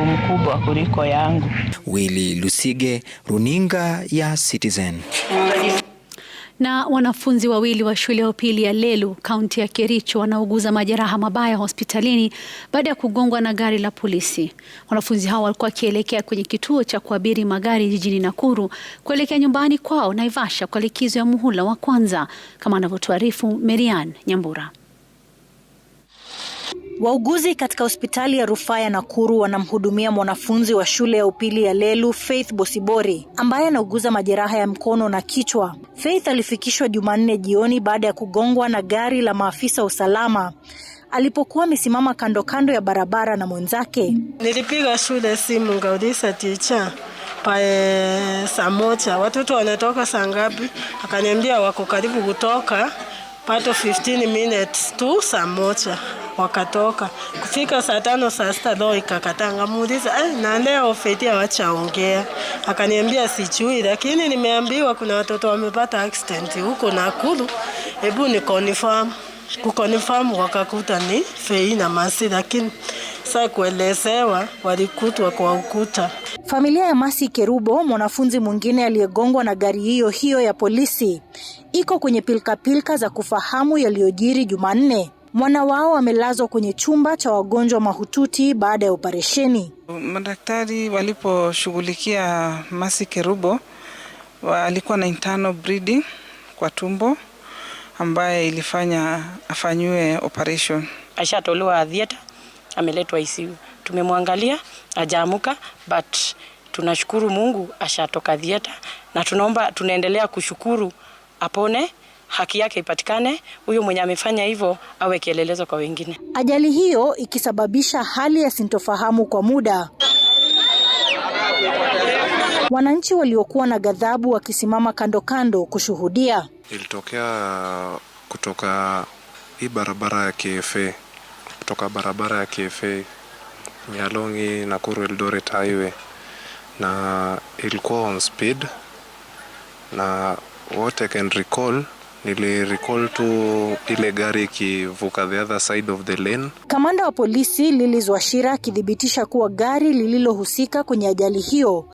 mkubwa kuliko yangu. Willy Lusige, Runinga ya Citizen. Na wanafunzi wawili wa shule ya upili ya Lelu kaunti ya Kericho wanauguza majeraha mabaya hospitalini baada ya kugongwa na gari la polisi. Wanafunzi hao walikuwa wakielekea kwenye kituo cha kuabiri magari jijini Nakuru kuelekea nyumbani kwao Naivasha kwa likizo ya muhula wa kwanza, kama anavyotuarifu Merian Nyambura. Wauguzi katika hospitali ya rufaa ya Nakuru wanamhudumia mwanafunzi wa shule ya upili ya Lelu Faith Bosibori ambaye anauguza majeraha ya mkono na kichwa. Faith alifikishwa Jumanne jioni baada ya kugongwa na gari la maafisa wa usalama alipokuwa amesimama kando kando ya barabara na mwenzake. Nilipiga shule simu ngaulisa ticha pae saa moja, watoto wanatoka saa ngapi? Akaniambia wako karibu kutoka pato 15 minutes tu saa moja wakatoka kufika saa tano saa sita, roho ikakataa. Ngamuuliza eh, na leo awachaongea. akaniambia sijui, lakini nimeambiwa kuna watoto wamepata accident huko Nakuru, hebu ni confirm kuconfirm, wakakuta ni Fei na Masi, lakini saa kuelezewa walikutwa kwa ukuta. Familia ya Masi Kerubo, mwanafunzi mwingine aliyegongwa na gari hiyo hiyo ya polisi, iko kwenye pilkapilka -pilka za kufahamu yaliyojiri Jumanne Mwana wao amelazwa kwenye chumba cha wagonjwa mahututi baada ya operesheni. Madaktari waliposhughulikia masi Kerubo alikuwa na internal bleeding kwa tumbo ambaye ilifanya afanyiwe operation. Ashatolewa theater, ameletwa ICU. Tumemwangalia ajaamuka, but tunashukuru Mungu ashatoka theater, na tunaomba tunaendelea kushukuru apone haki yake ipatikane, huyo mwenye amefanya hivyo awe kielelezo kwa wengine. Ajali hiyo ikisababisha hali ya sintofahamu kwa muda. Wananchi waliokuwa na ghadhabu wakisimama kando kando kushuhudia. Ilitokea kutoka hii barabara ya KFA, kutoka barabara ya KFA Nyalongi Nakuru Eldoret highway, na ilikuwa on speed na what I can recall recall tu ile gari ikivuka the other side of the lane. Kamanda wa polisi lilizwashira akithibitisha kuwa gari lililohusika kwenye ajali hiyo